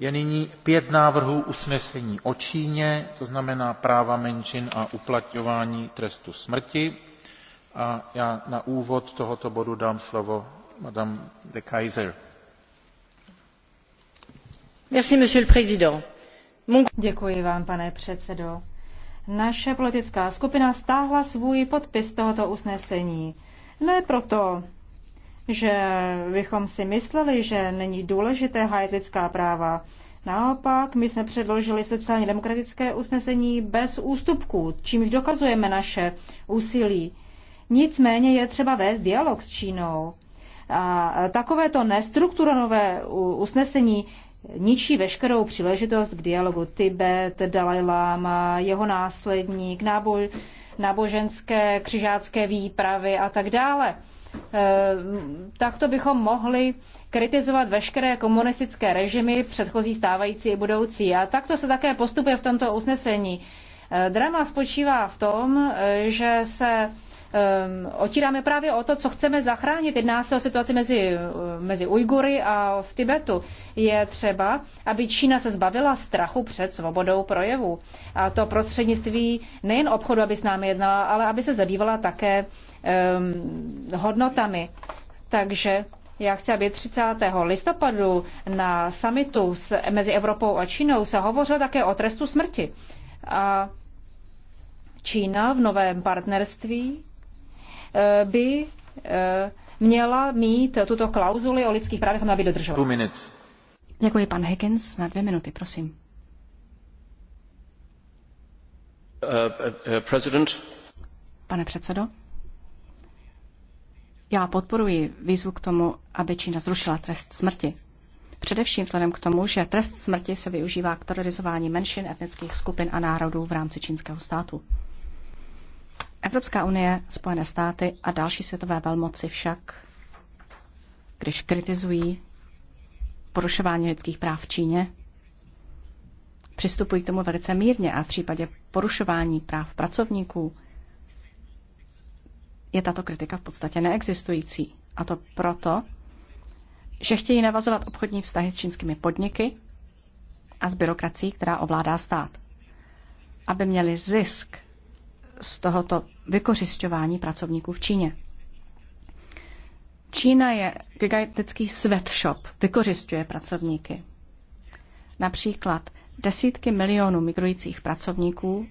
Je nyní pět návrhů usnesení o Číně, to znamená práva menšin a uplatňování trestu smrti. A já na úvod tohoto bodu dám slovo Madame de Kaiser. Merci, monsieur le président. Mon... Děkuji vám, pane předsedo. Naše politická skupina stáhla svůj podpis tohoto usnesení. Ne proto, že bychom si mysleli, že není důležité hájit lidská práva. Naopak, my jsme předložili sociálně demokratické usnesení bez ústupků, čímž dokazujeme naše úsilí. Nicméně je třeba vést dialog s Čínou. A takovéto nestrukturované usnesení ničí veškerou příležitost k dialogu. Tibet, Dalai Lama, jeho následník, náboj, náboženské křižácké výpravy a tak dále. Eh, takto bychom mohli kritizovat veškeré komunistické režimy, předchozí, stávající i budoucí. A takto se také postupuje v tomto usnesení. Eh, drama spočívá v tom, eh, že se Ehm, otíráme právě o to, co chceme zachránit. Jedná se o situaci mezi, eh, mezi Ujgury a v Tibetu. Je třeba, aby Čína se zbavila strachu před svobodou projevu. A to prostřednictví nejen obchodu, aby s námi jednala, ale aby se zabývala také um, hodnotami. Takže já chci, aby 30. listopadu na summitu s, mezi Evropou a Čínou se hovořilo také o trestu smrti. A Čína v novém partnerství Eh, by eh, měla mít tuto klauzuli o lidských právech, měla by dodržovat. Děkuji, pan Higgins, na dvě minuty, prosím. Uh, uh, uh, Pane předsedo, já podporuji výzvu k tomu, aby Čína zrušila trest smrti. Především vzhledem k tomu, že trest smrti se využívá k terorizování menšin, etnických skupin a národů v rámci čínského státu. Evropská unie, Spojené státy a další světové velmoci však, když kritizují porušování lidských práv v Číně, přistupují k tomu velice mírně a v případě porušování práv pracovníků je tato kritika v podstatě neexistující. A to proto, že chtějí navazovat obchodní vztahy s čínskými podniky a s byrokracií, která ovládá stát. Aby měli zisk z tohoto vykořišťování pracovníků v Číně. Čína je gigantický sweatshop, vykořišťuje pracovníky. Například desítky milionů migrujících pracovníků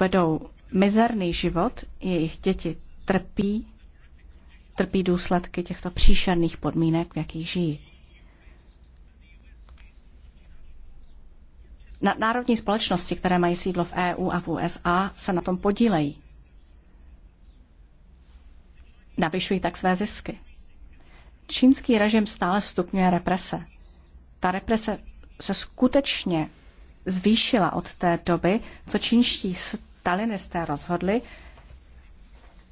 vedou mizerný život, jejich děti trpí, trpí důsledky těchto příšerných podmínek, v jakých žijí. Nadnárodní společnosti, které mají sídlo v EU a v USA, se na tom podílejí. Navyšují tak své zisky. Čínský režim stále stupňuje represe. Ta represe se skutečně zvýšila od té doby, co čínští stalinisté rozhodli,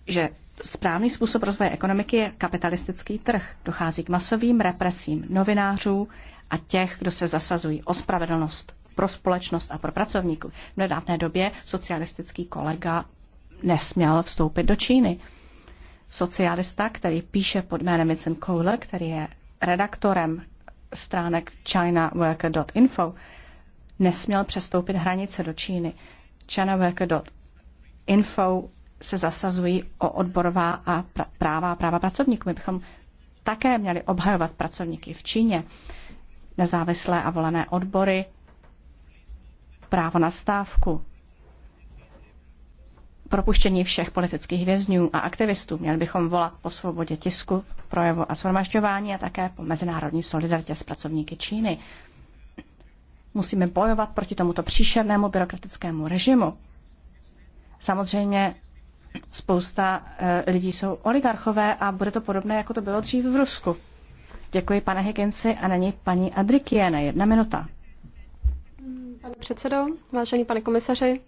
že správný způsob rozvoje ekonomiky je kapitalistický trh. Dochází k masovým represím novinářů a těch, kdo se zasazují o spravedlnost pro společnost a pro pracovníků. V nedávné době socialistický kolega nesměl vstoupit do Číny. Socialista, který píše pod jménem Vincent Cole, který je redaktorem stránek chinaworker.info, nesměl přestoupit hranice do Číny. chinaworker.info se zasazují o odborová a práva a práva pracovníků. My bychom také měli obhajovat pracovníky v Číně. Nezávislé a volené odbory právo na stávku, propuštění všech politických vězňů a aktivistů. Měli bychom volat po svobodě tisku, projevu a shromažďování a také po mezinárodní solidaritě s pracovníky Číny. Musíme bojovat proti tomuto příšernému byrokratickému režimu. Samozřejmě spousta e, lidí jsou oligarchové a bude to podobné, jako to bylo dřív v Rusku. Děkuji, pane Higginsi, a není paní Adrikiene. na jedna minuta. Pane předsedo, vážený pane komisaři,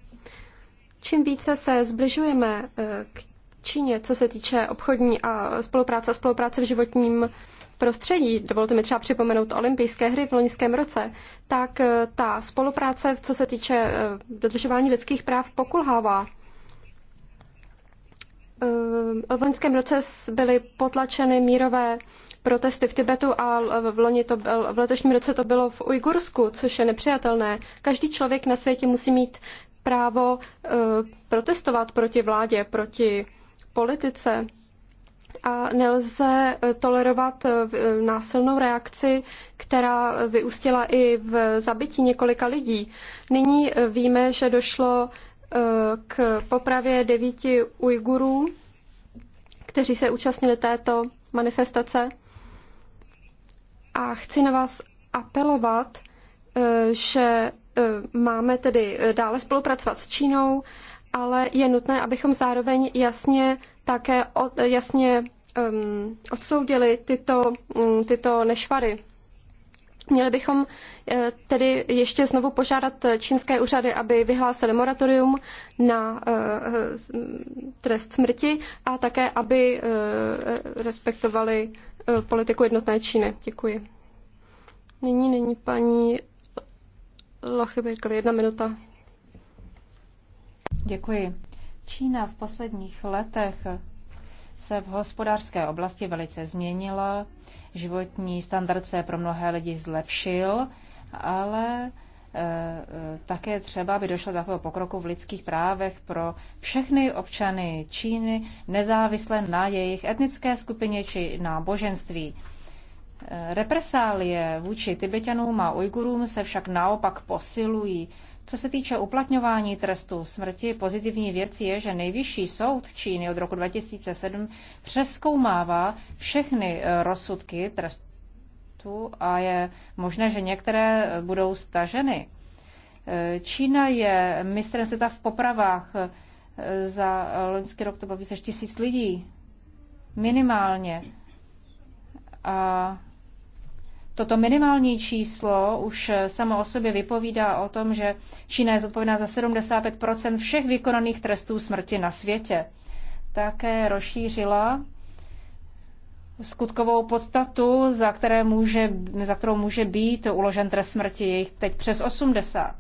čím více se zbližujeme eh, k Číně, co se týče obchodní a spolupráce a spolupráce v životním prostředí, dovolte mi třeba připomenout olympijské hry v loňském roce, tak eh, ta spolupráce, co se týče eh, dodržování lidských práv, pokulhává. Ehm, v loňském roce byly potlačeny mírové protesty v Tibetu a v, loni to byl, v letošním roce to bylo v Ujgursku, což je nepřijatelné. Každý člověk na světě musí mít právo eh, protestovat proti vládě, proti politice a nelze eh, tolerovat eh, násilnou reakci, která vyústila i v zabití několika lidí. Nyní víme, že došlo k popravě devíti Ujgurů, kteří se účastnili této manifestace. A chci na vás apelovat, eh, že eh, máme tedy eh, dále spolupracovat s Čínou, ale je nutné, abychom zároveň jasně také od, jasně um, odsoudili tyto, um, tyto nešvary. Měli bychom eh, tedy ještě znovu požádat čínské úřady, aby vyhlásili moratorium na eh, eh, trest smrti a také, aby respektovali politiku jednotné Číny. Děkuji. Nyní není paní Lachybekl, jedna minuta. Děkuji. Čína v posledních letech se v hospodářské oblasti velice změnila životní standard se pro mnohé lidi zlepšil, ale eh, eh, také třeba, by došlo takového pokroku v lidských právech pro všechny občany Číny, nezávisle na jejich etnické skupině či náboženství. Eh, represálie vůči Tibetanům a Ujgurům se však naopak posilují. Co se týče uplatňování trestu smrti, pozitivní věc je, že nejvyšší soud Číny od roku 2007 přeskoumává všechny eh, rozsudky trestu a je možné, že některé eh, budou staženy. Eh, Čína je mistrem světa v popravách. Za loňský rok to bylo více tisíc lidí. Minimálně. A Toto minimální číslo už samo o sobě vypovídá o tom, že Čína je zodpovědná za 75 všech vykonaných trestů smrti na světě. Také rozšířila skutkovou podstatu, za, které může, za kterou může být uložen trest smrti, je jich teď přes 80.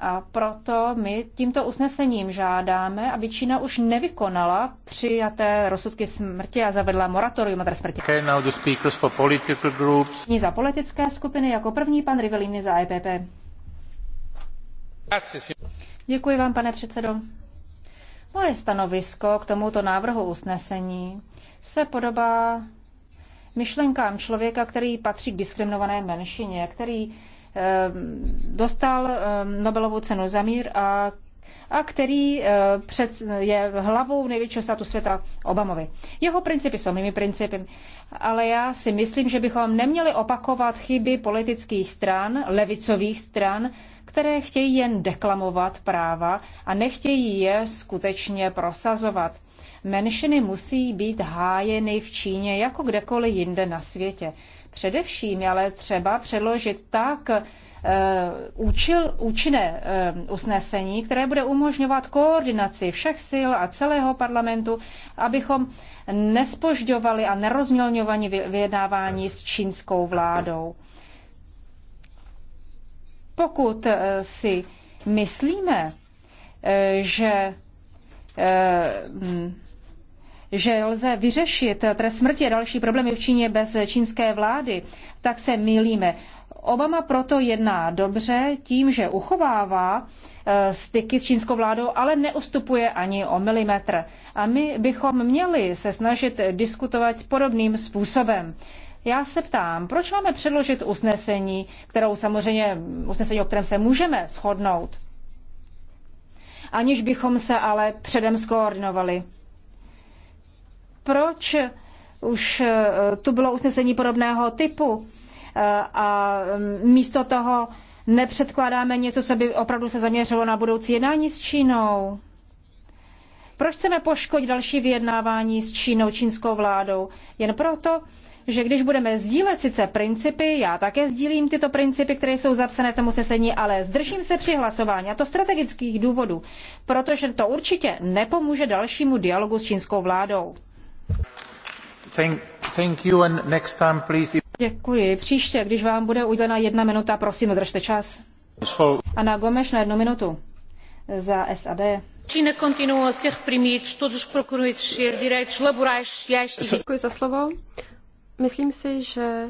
A proto my tímto usnesením žádáme, aby Čína už nevykonala přijaté rozsudky smrti a zavedla moratorium na smrti. Okay, now the speakers for political groups. Ní za politické skupiny jako první pan Rivelini za EPP. Děkuji vám, pane předsedo. Moje stanovisko k tomuto návrhu usnesení se podobá myšlenkám člověka, který patří k diskriminované menšině, který Ehm, dostal ehm, Nobelovu cenu za mír a, a který eh, před, je hlavou největšího státu světa Obamovi. Jeho principy jsou mými principy, ale já si myslím, že bychom neměli opakovat chyby politických stran, levicových stran, které chtějí jen deklamovat práva a nechtějí je skutečně prosazovat. Menšiny musí být hájeny v Číně jako kdekoliv jinde na světě především, ale třeba předložit tak eh, účil, účinné eh, usnesení, které bude umožňovat koordinaci všech sil a celého parlamentu, abychom nespožďovali a nerozmělňovali vyjednávání s čínskou vládou. Pokud eh, si myslíme, že že lze vyřešit trest smrti a další problémy v Číně bez čínské vlády, tak se mýlíme. Obama proto jedná dobře tím, že uchovává eh, styky s čínskou vládou, ale neustupuje ani o milimetr. A my bychom měli se snažit diskutovat podobným způsobem. Já se ptám, proč máme předložit usnesení, kterou samozřejmě, usnesení, o kterém se můžeme shodnout, aniž bychom se ale předem skoordinovali. Proč už eh, tu bylo usnesení podobného typu eh, a mm, místo toho nepředkládáme něco, co by opravdu se zaměřilo na budoucí jednání s Čínou? Proč chceme poškodit další vyjednávání s Čínou, čínskou vládou? Jen proto, že když budeme sdílet sice principy, já také sdílím tyto principy, které jsou zapsané v tom usnesení, ale zdržím se při hlasování a to strategických důvodů, protože to určitě nepomůže dalšímu dialogu s čínskou vládou. Děkuji. Příště, když vám bude udělena jedna minuta, prosím, držte čas. Ana Gomes na jednu minutu za SAD. Čína continua a ser reprimidos todos os que procuram exercer direitos laborais, sociais Děkuji za slovo. Myslím si, že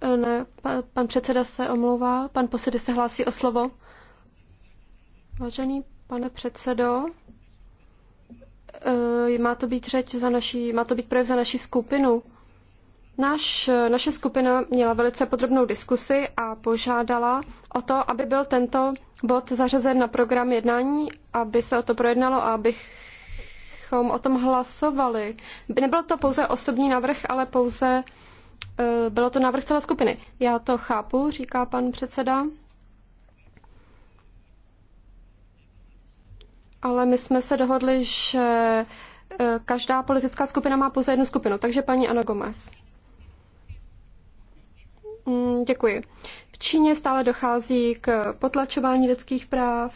eh, ne, pan předseda se omlouvá, pan posedy se hlásí o slovo. Vážený pane předsedo, Eh, má to být řeč za naší, má to být projev za naší skupinu. Naš, naše skupina měla velice podrobnou diskusi a požádala o to, aby byl tento bod zařazen na program jednání, aby se o to projednalo a abychom o tom hlasovali. Nebyl to pouze osobní návrh, ale pouze eh, bylo to návrh celé skupiny. Já to chápu, říká pan předseda. ale my jsme se dohodli, že e, každá politická skupina má pouze jednu skupinu, takže paní Ana Gomez. Mm, děkuji. V Číně stále dochází k potlačování lidských práv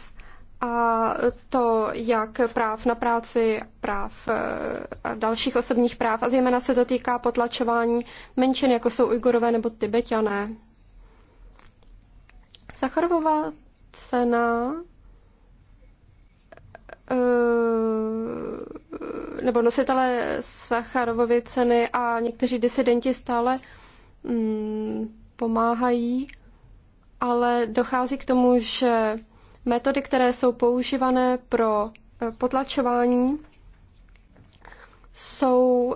a to jak práv na práci, práv e, a dalších osobních práv a zejména se to týká potlačování menšin, jako jsou Ujgurové nebo Tibetané. Sacharovová cena Eh, nebo nositelé Sacharovovy ceny a někteří disidenti stále mm, pomáhají, ale dochází k tomu, že metody, které jsou používané pro eh, potlačování, jsou,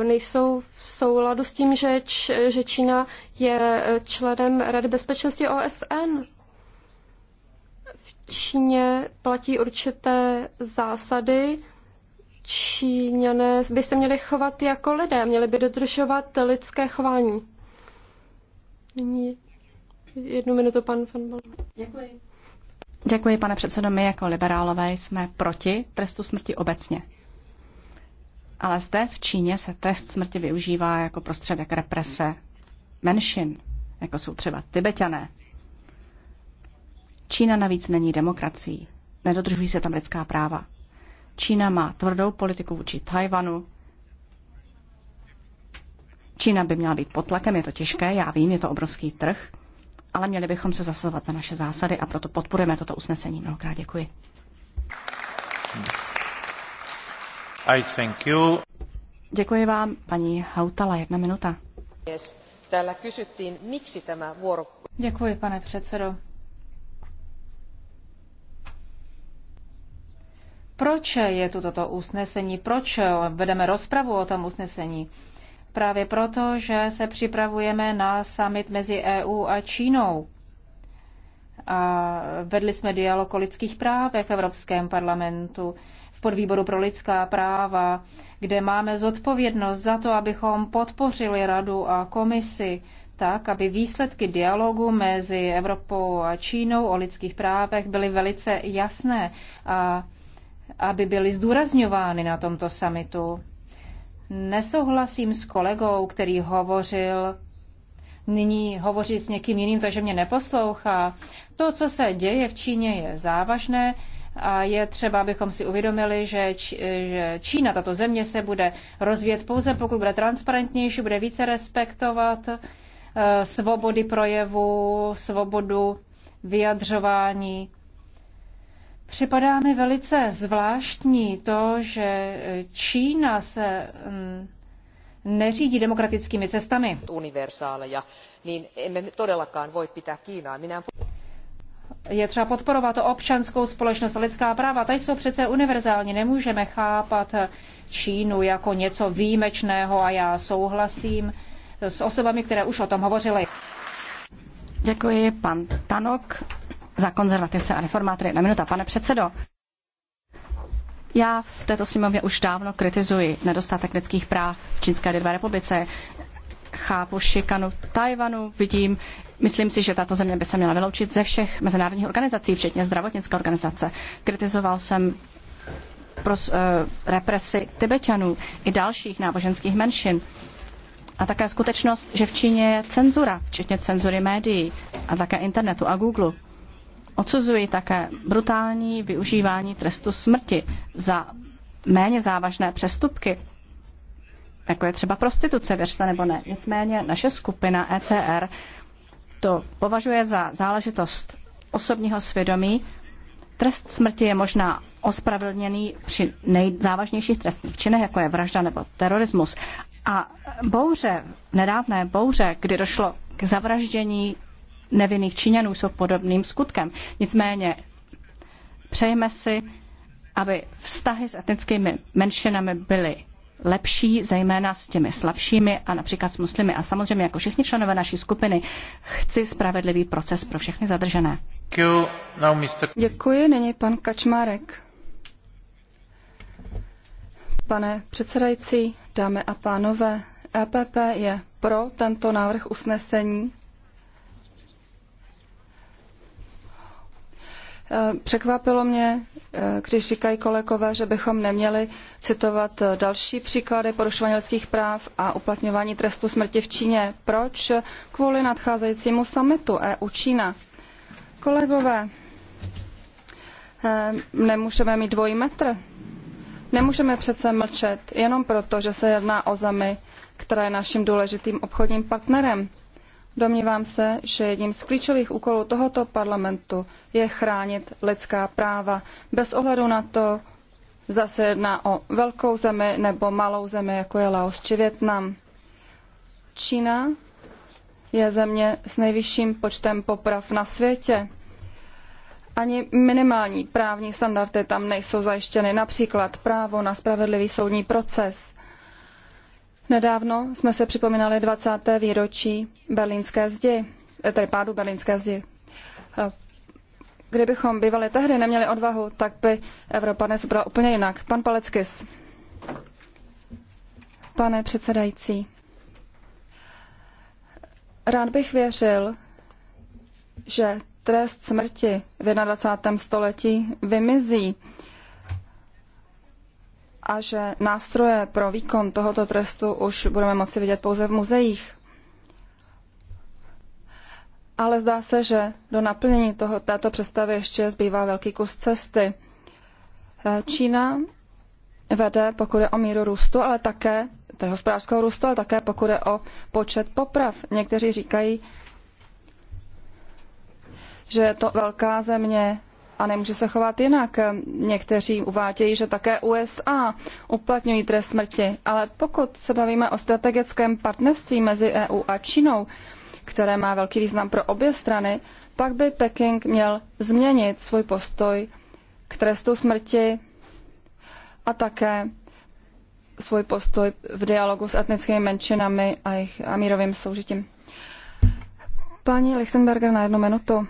eh, nejsou v souladu s tím, že, č, že Čína je členem Rady bezpečnosti OSN v Číně platí určité zásady. Číňané by se měli chovat jako lidé, měli by dodržovat lidské chování. Nyní jednu minutu, pan Fanbal. Děkuji. Děkuji, pane předsedo. My jako liberálové jsme proti trestu smrti obecně. Ale zde v Číně se trest smrti využívá jako prostředek represe menšin, jako jsou třeba tibetané, Čína navíc není demokracií. Nedodržují se tam lidská práva. Čína má tvrdou politiku vůči Tajvanu. Čína by měla být pod tlakem, je to těžké, já vím, je to obrovský trh, ale měli bychom se zasazovat za naše zásady a proto podporujeme toto usnesení. Mnohokrát děkuji. I thank you. Děkuji vám, paní Hautala, jedna minuta. Yes. Täällä kysyttiin, miksi tämä vuoro... Děkuji, pane předsedo. Proč je tu toto usnesení? Proč vedeme rozpravu o tom usnesení? Právě proto, že se připravujeme na summit mezi EU a Čínou. A vedli jsme dialog o lidských právech v Evropském parlamentu, v podvýboru pro lidská práva, kde máme zodpovědnost za to, abychom podpořili radu a komisi tak, aby výsledky dialogu mezi Evropou a Čínou o lidských právech byly velice jasné a aby byly zdůrazňovány na tomto samitu. Nesouhlasím s kolegou, který hovořil nyní hovořit s někým jiným, takže mě neposlouchá. To, co se děje v Číně, je závažné a je třeba, abychom si uvědomili, že, Č- že Čína, tato země, se bude rozvíjet pouze, pokud bude transparentnější, bude více respektovat eh, svobody projevu, svobodu vyjadřování Připadá mi velice zvláštní to, že Čína se mm, neřídí demokratickými cestami. Je třeba podporovat občanskou společnost a lidská práva. Ta jsou přece univerzální. Nemůžeme chápat Čínu jako něco výjimečného a já souhlasím s osobami, které už o tom hovořily. Děkuji, pan Tanok za konzervativce a reformátory. Jedna minuta, pane předsedo. Já v této sněmově už dávno kritizuji nedostatek lidských práv v Čínské lidové republice. Chápu šikanu v Tajvanu, vidím, myslím si, že tato země by se měla vyloučit ze všech mezinárodních organizací, včetně zdravotnické organizace. Kritizoval jsem pro uh, eh, represi Tibetanů i dalších náboženských menšin. A také skutečnost, že v Číně je cenzura, včetně cenzury médií a také internetu a Google. Odsuzuji také brutální využívání trestu smrti za méně závažné přestupky, jako je třeba prostituce, věřte nebo ne. Nicméně naše skupina ECR to považuje za záležitost osobního svědomí. Trest smrti je možná ospravedlněný při nejzávažnějších trestných činech, jako je vražda nebo terorismus. A bouře, nedávné bouře, kdy došlo k zavraždění nevinných Číňanů jsou podobným skutkem. Nicméně přejeme si, aby vztahy s etnickými menšinami byly lepší, zejména s těmi slabšími a například s muslimy. A samozřejmě jako všichni členové naší skupiny chci spravedlivý proces pro všechny zadržené. Děkuji, nyní pan Kačmárek. Pane předsedající, dámy a pánové, EPP je pro tento návrh usnesení Eh, překvapilo mě, eh, když říkají kolegové, že bychom neměli citovat eh, další příklady porušování lidských práv a uplatňování trestu smrti v Číně. Proč? Kvůli nadcházejícímu summitu EU-Čína. Kolegové, nemůžeme mít dvojí metr. Nemůžeme přece mlčet jenom proto, že se jedná o zemi, která je naším důležitým obchodním partnerem. Domnívám se, že jedním z klíčových úkolů tohoto parlamentu je chránit lidská práva bez ohledu na to, zda se jedná o velkou zemi nebo malou zemi, jako je Laos či Větnam. Čína je země s nejvyšším počtem poprav na světě. Ani minimální právní standardy tam nejsou zajištěny, například právo na spravedlivý soudní proces. Nedávno jsme se připomínali 20. výročí berlínské zdi, tedy pádu berlínské zdi. Kdybychom bývali tehdy neměli odvahu, tak by Evropa dnes byla úplně jinak. Pan Paleckis. Pane předsedající, rád bych věřil, že trest smrti v 21. století vymizí a že nástroje pro výkon tohoto trestu už budeme moci vidět pouze v muzeích. Ale zdá se, že do naplnění toho, této představy ještě zbývá velký kus cesty. Eh, Čína vede, pokud je o míru růstu, ale také tedy hospodářského růstu, ale také pokud je o počet poprav. Někteří říkají, že je to velká země a nemůže se chovat jinak. Někteří uvádějí, že také USA uplatňují trest smrti, ale pokud se bavíme o strategickém partnerství mezi EU a Čínou, které má velký význam pro obě strany, pak by Peking měl změnit svůj postoj k trestu smrti a také svůj postoj v dialogu s etnickými menšinami a jejich mírovým soužitím. Paní Lichtenberger na jednu minutu.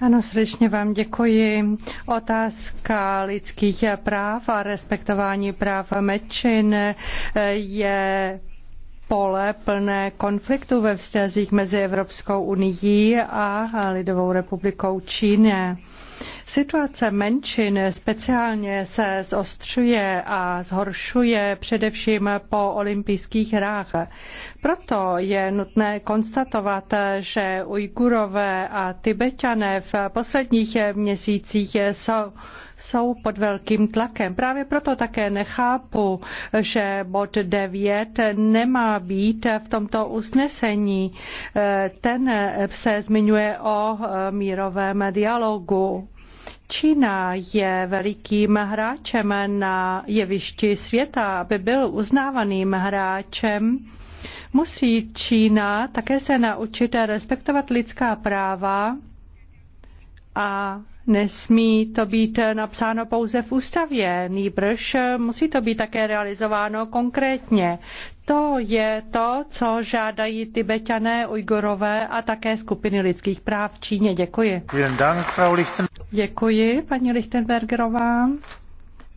Ano, srdečně vám děkuji. Otázka lidských práv a respektování práv mečin je pole plné konfliktu ve vztazích mezi Evropskou unií a Lidovou republikou Číny. Situace menšin speciálně se zostřuje a zhoršuje především po olympijských hrách. Proto je nutné konstatovat, že Ujgurové a Tibetané v posledních měsících jsou jsou pod velkým tlakem. Právě proto také nechápu, že bod 9 nemá být v tomto usnesení. Ten se zmiňuje o e, mírovém dialogu. Čína je velikým hráčem na jevišti světa. Aby byl uznávaným hráčem, musí Čína také se naučit respektovat lidská práva a Nesmí to být napsáno pouze v ústavě, nýbrž musí to být také realizováno konkrétně. To je to, co žádají tibetané, ujgorové a také skupiny lidských práv v Číně. Děkuji. Děkuji, paní Lichtenbergerová.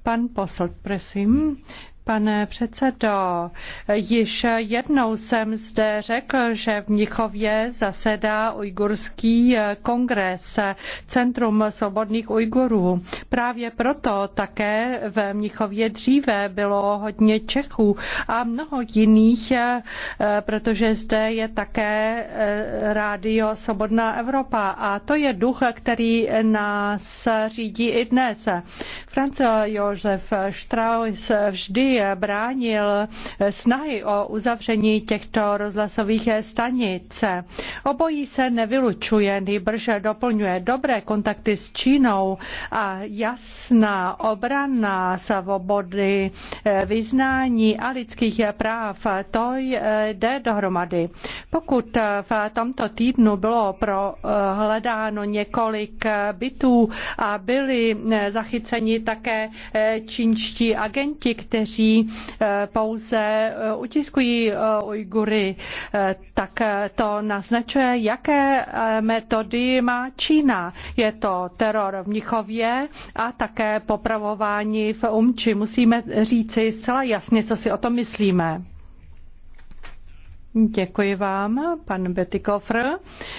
Pan posl, prosím. Pane předsedo, již jednou jsem zde řekl, že v Mnichově zasedá ujgurský eh, kongres Centrum svobodných Ujgurů. Právě proto také v Mnichově dříve bylo hodně Čechů a mnoho jiných, eh, protože zde je také eh, rádio Svobodná Evropa a to je duch, který nás řídí i dnes. Franco Josef Strauss vždy bránil snahy o uzavření těchto rozhlasových stanic. Obojí se nevylučuje, nejbrž doplňuje dobré kontakty s Čínou a jasná obrana svobody eh, vyznání a lidských práv. To jde dohromady. Pokud v tomto týdnu bylo prohledáno několik bytů a byli hm, zachyceni také eh, čínští agenti, kteří kteří eh, pouze eh, utiskují eh, Ujgury, tak to naznačuje, jaké metody má Čína. Je to teror v Mnichově a také popravování v Umči. Musíme říci zcela jasně, co si o tom myslíme. Děkuji vám, pan Betikofr.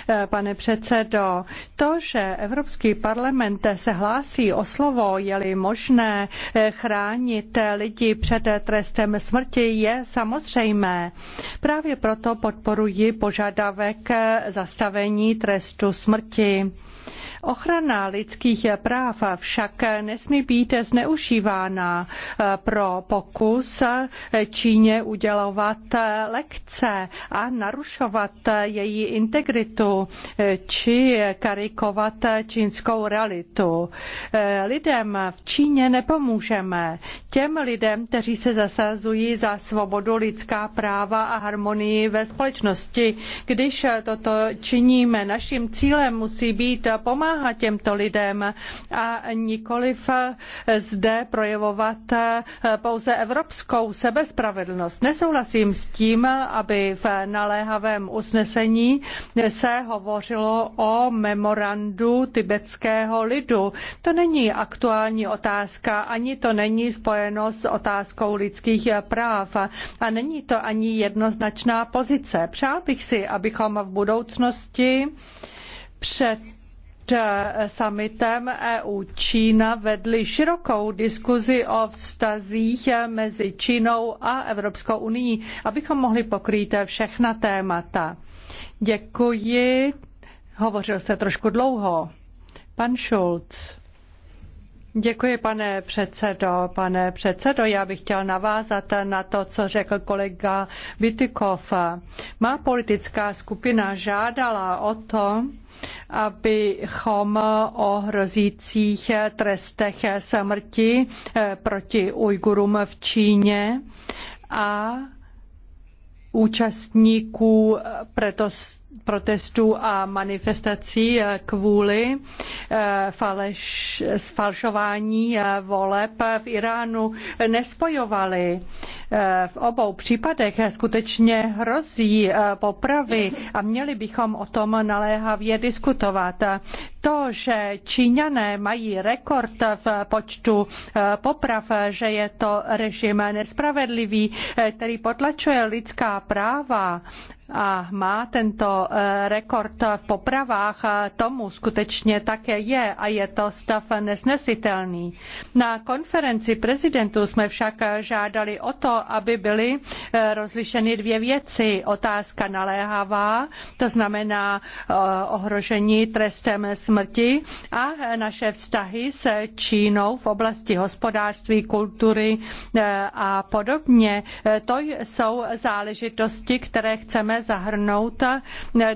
Eh, pane předsedo, to, že Evropský parlament se hlásí o slovo, je-li možné eh, chránit lidi před trestem smrti, je samozřejmé. Právě proto podporuji požadavek eh, zastavení trestu smrti. Ochrana lidských práv však nesmí být zneužívána eh, pro pokus eh, Číně udělovat eh, lekce a narušovat její integritu či karikovat čínskou realitu. Lidem v Číně nepomůžeme. Těm lidem, kteří se zasazují za svobodu, lidská práva a harmonii ve společnosti, když toto činíme, naším cílem musí být pomáhat pomáhat těmto lidem a nikoliv zde projevovat pouze evropskou sebespravedlnost. Nesouhlasím s tím, aby v naléhavém usnesení se hovořilo o memorandu tibetského lidu. To není aktuální otázka, ani to není spojeno s otázkou lidských práv a není to ani jednoznačná pozice. Přál bych si, abychom v budoucnosti před Eh, summitem EU Čína vedli širokou diskuzi o vztazích eh, mezi Čínou a Evropskou unii, abychom mohli pokrýt eh, všechna témata. Děkuji. Hovořil jste trošku dlouho. Pan Schulz. Děkuji, pane předsedo. Pane předsedo, já bych chtěl navázat na to, co řekl kolega Bytykov. Má politická skupina žádala o to, abychom o hrozících trestech smrti eh, proti Ujgurům v Číně a účastníků eh, protestů protestů a manifestací eh, kvůli eh, faleš, falšování eh, voleb v Iránu nespojovali. Eh, v obou případech skutečně hrozí eh, popravy a měli bychom o tom naléhavě diskutovat. To, že Číňané mají rekord v počtu eh, poprav, že je to režim nespravedlivý, který potlačuje lidská práva a má tento rekord v popravách, tomu skutečně také je a je to stav nesnesitelný. Na konferenci prezidentů jsme však žádali o to, aby byly eh, rozlišeny dvě věci. Otázka naléhavá, to znamená eh, ohrožení trestem smrti a naše vztahy s Čínou v oblasti hospodářství, kultury eh, a podobně. To jsou záležitosti, které chceme zahrnout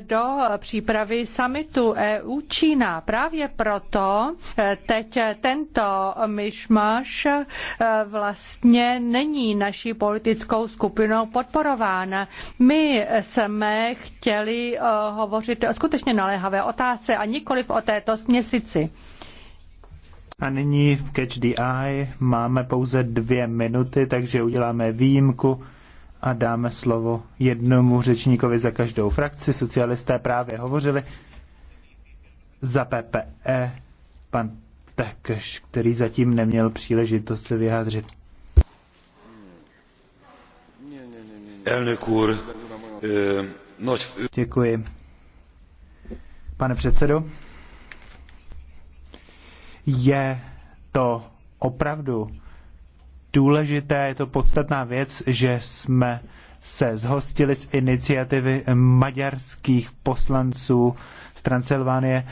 do přípravy summitu EU-Čína. Právě proto teď tento myšmaš vlastně není naší politickou skupinou podporována. My jsme chtěli eh, hovořit o skutečně naléhavé otázce a nikoliv o této směsici. A nyní v Catch the Eye máme pouze dvě minuty, takže uděláme výjimku a dáme slovo jednomu řečníkovi za každou frakci. Socialisté právě hovořili za PPE pan Tekeš, který zatím neměl příležitost se vyjádřit. Děkuji. Pane předsedo, je to opravdu důležité, je to podstatná věc, že jsme se zhostili z iniciativy maďarských poslanců z Transylvánie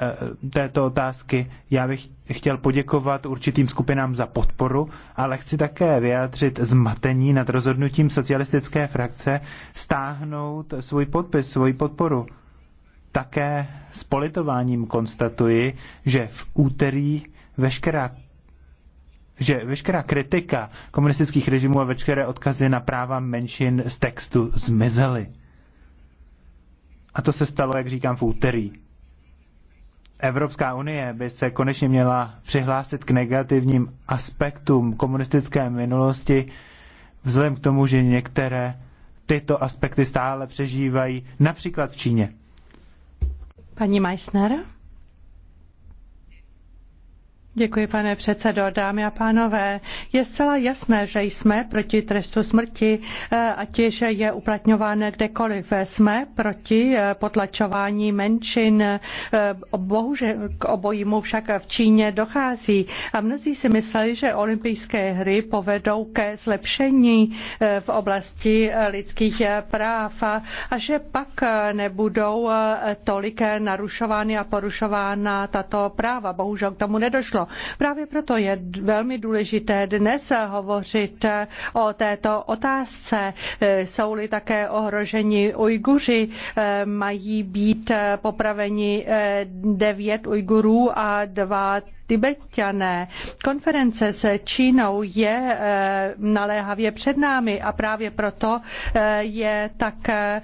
Eh, této otázky. Já bych chtěl poděkovat určitým skupinám za podporu, ale chci také vyjádřit zmatení nad rozhodnutím socialistické frakce stáhnout svůj podpis, svoji podporu. Také s politováním konstatuji, že v úterý veškerá že veškerá kritika komunistických režimů a veškeré odkazy na práva menšin z textu zmizely. A to se stalo, jak říkám, v úterý. Evropská unie by se konečně měla přihlásit k negativním aspektům komunistické minulosti, vzhledem k tomu, že některé tyto aspekty stále přežívají, například v Číně. Paní Meissner? Děkuji, pane předsedo. Dámy a pánové, je zcela jasné, že jsme proti trestu smrti, eh, ať již je uplatňován kdekoliv. Jsme proti eh, potlačování menšin. Eh, Bohužel k obojímu však v Číně dochází. A mnozí si mysleli, že olympijské hry povedou ke zlepšení v oblasti lidských práv a že pak nebudou tolik narušovány a porušována tato práva. Bohužel k tomu nedošlo. Právě proto je velmi důležité dnes hovořit eh, o této otázce. Eh, jsou-li také ohroženi Ujguři, eh, mají být popraveni devět Ujgurů a dva Tibetané. Konference s Čínou je eh, naléhavě před námi a právě proto eh, je tak eh,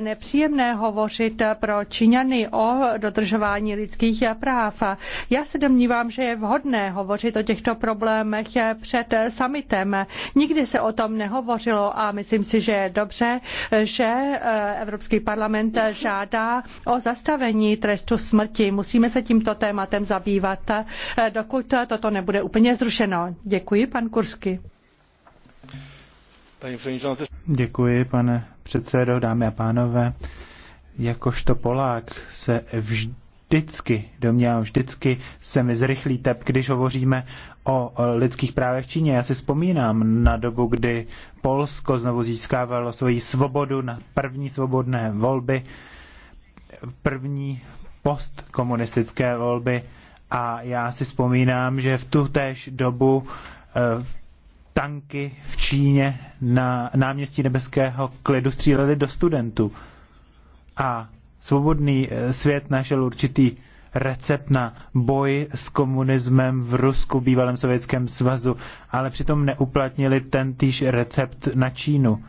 nepříjemné hovořit pro Číňany o dodržování lidských práv. Já se domnívám, že je vhodné hovořit o těchto problémech před summitem. Nikdy se o tom nehovořilo a myslím si, že je dobře, že Evropský parlament žádá o zastavení trestu smrti. Musíme se tímto tématem zabývat Eh, dokud toto nebude úplně zrušeno. Děkuji, pan Kursky. Děkuji, pane předsedo, dámy a pánové. Jakožto Polák se vždycky domnívám, vždycky se mi zrychlí tep, když hovoříme o lidských právech v Číně. Já si vzpomínám na dobu, kdy Polsko znovu získávalo svoji svobodu na první svobodné volby, první postkomunistické volby a já si vzpomínám, že v tu též dobu eh, tanky v Číně na náměstí nebeského klidu střílely do studentů. A svobodný eh, svět našel určitý recept na boj s komunismem v Rusku, bývalém sovětském svazu, ale přitom neuplatnili ten týž recept na Čínu.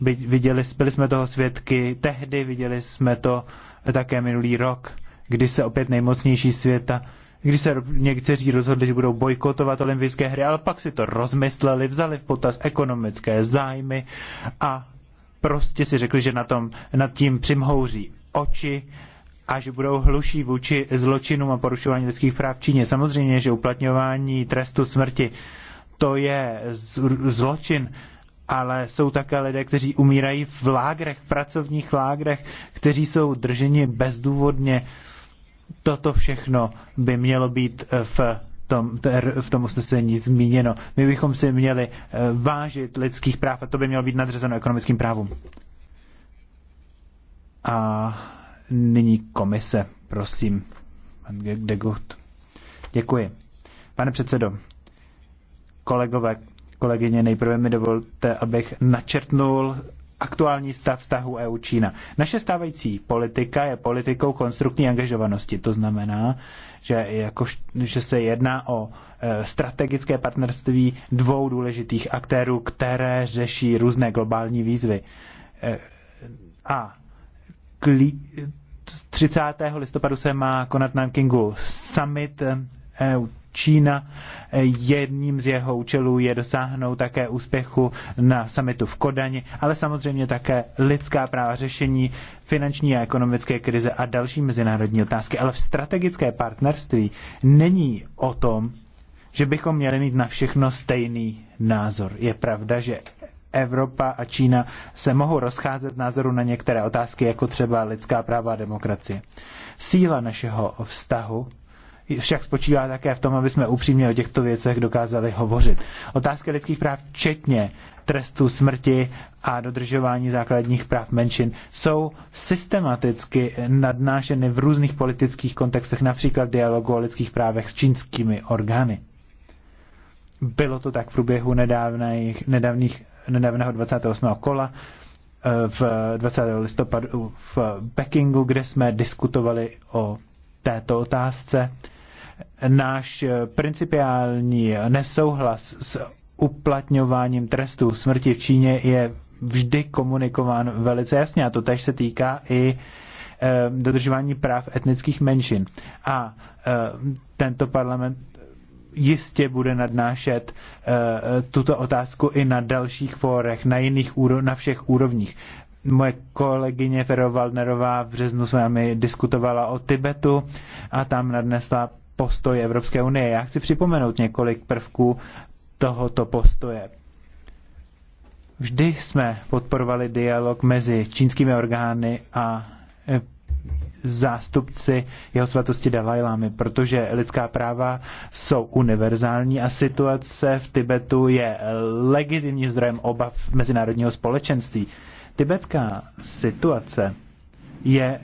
Viděli, byli jsme toho svědky tehdy, viděli jsme to také minulý rok, kdy se opět nejmocnější světa když se někteří rozhodli, že budou bojkotovat olympijské hry, ale pak si to rozmysleli, vzali v potaz ekonomické zájmy a prostě si řekli, že na tom, nad tím přimhouří oči a že budou hluší vůči zločinům a porušování lidských práv v Číně. Samozřejmě, že uplatňování trestu smrti to je zločin, ale jsou také lidé, kteří umírají v lágrech, v pracovních lágrech, kteří jsou drženi bezdůvodně toto všechno by mělo být eh, v tom, v tom usnesení zmíněno. My bychom si měli eh, vážit lidských práv a to by mělo být nadřazeno ekonomickým právům. A nyní komise, prosím, pan de Děkuji. Pane předsedo, kolegové, kolegyně, nejprve mi dovolte, abych načrtnul aktuální stav vztahu EU-Čína. Naše stávající politika je politikou konstruktní angažovanosti. To znamená, že, jako, že se jedná o e, strategické partnerství dvou důležitých aktérů, které řeší různé globální výzvy. E, a klí, 30. listopadu se má konat Nankingu summit EU e Čína. Jedním z jeho účelů je dosáhnout také úspěchu na samitu v Kodani, ale samozřejmě také lidská práva, řešení finanční a ekonomické krize a další mezinárodní otázky. Ale v strategické partnerství není o tom, že bychom měli mít na všechno stejný názor. Je pravda, že Evropa a Čína se mohou rozcházet názoru na některé otázky, jako třeba lidská práva a demokracie. Síla našeho vztahu však spočívá také v tom, aby jsme upřímně o těchto věcech dokázali hovořit. Otázka lidských práv, včetně trestu smrti a dodržování základních práv menšin, jsou systematicky nadnášeny v různých politických kontextech, například v dialogu o lidských právech s čínskými orgány. Bylo to tak v průběhu nedávných, nedávných, nedávného 28. kola eh, v 20. listopadu v Pekingu, kde jsme diskutovali o této otázce náš eh, principiální nesouhlas s uplatňováním trestu smrti v Číně je vždy komunikován velice jasně a to tež se týká i eh, dodržování práv etnických menšin. A eh, tento parlament jistě bude nadnášet tuto otázku i na dalších fórech, na jiných na všech úrovních. Moje kolegyně Ferro Waldnerová v březnu s vámi diskutovala o Tibetu a tam nadnesla postoj Evropské unie. Já chci připomenout několik prvků tohoto postoje. Vždy jsme podporovali dialog mezi čínskými orgány a e, zástupci jeho svatosti Dalajlámy, protože lidská práva jsou univerzální a situace v Tibetu je legitimním zdrojem obav mezinárodního společenství. Tibetská situace je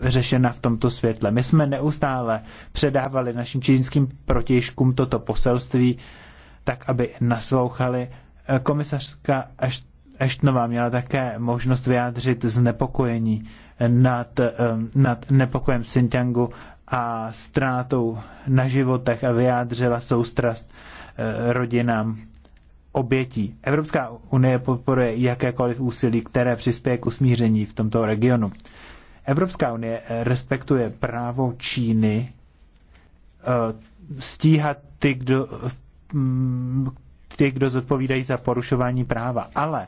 řešena v tomto světle. My jsme neustále předávali našim čínským protěžkům toto poselství, tak aby naslouchali. Komisařka Eštnová měla také možnost vyjádřit znepokojení nad, nad nepokojem v Xinjiangu a ztrátou na životech a vyjádřila soustrast eh, rodinám obětí. Evropská unie podporuje jakékoliv úsilí, které přispěje k usmíření v tomto regionu. Evropská unie eh, respektuje právo Číny eh, stíhat ty, kdo, mm, ty, kdo zodpovídají za porušování práva, ale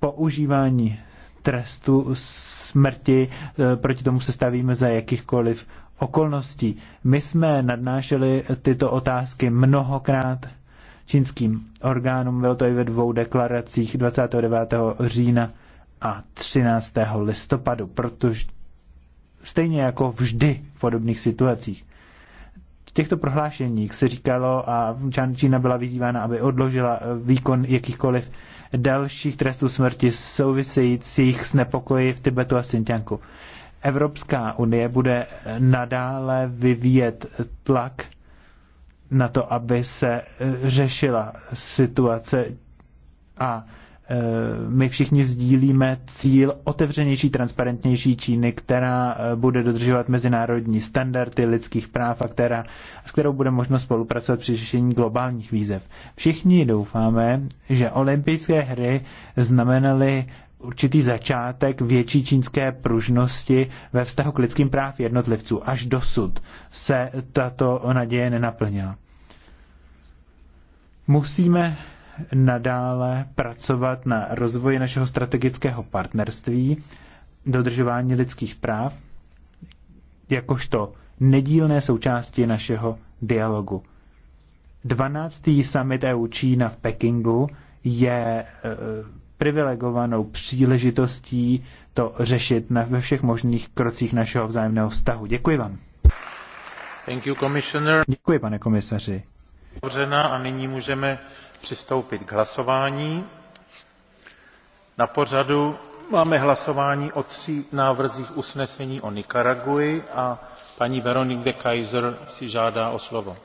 používání trestu smrti, eh, proti tomu se stavíme za jakýchkoliv okolností. My jsme nadnášeli tyto otázky mnohokrát čínským orgánům, bylo to i ve dvou deklaracích 29. října a 13. listopadu, protože stejně jako vždy v podobných situacích. V těchto prohlášeních se říkalo a Čína byla vyzývána, aby odložila eh, výkon jakýchkoliv dalších trestů smrti souvisejících s nepokoji v Tibetu a Xinjiangu. Evropská unie bude eh, nadále vyvíjet tlak na to, aby se eh, řešila situace a Eh, my všichni sdílíme cíl otevřenější, transparentnější Číny, která eh, bude dodržovat mezinárodní standardy lidských práv a která, s kterou bude možno spolupracovat při řešení globálních výzev. Všichni doufáme, že olympijské hry znamenaly určitý začátek větší čínské pružnosti ve vztahu k lidským práv jednotlivců. Až dosud se tato naděje nenaplnila. Musíme nadále pracovat na rozvoji našeho strategického partnerství, dodržování lidských práv, jakožto nedílné součásti našeho dialogu. 12. summit EU Čína v Pekingu je e, privilegovanou příležitostí to řešit na, ve všech možných krocích našeho vzájemného vztahu. Děkuji vám. Thank you, Děkuji, pane komisaři. a nyní můžeme přistoupit k hlasování. Na pořadu máme hlasování o tří návrzích usnesení o Nikaraguji a paní Veronique de Kaiser si žádá o slovo.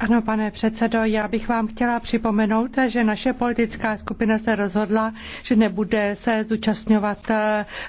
Ano, pane předsedo, já bych vám chtěla připomenout, že naše politická skupina se rozhodla, že nebude se zúčastňovat eh,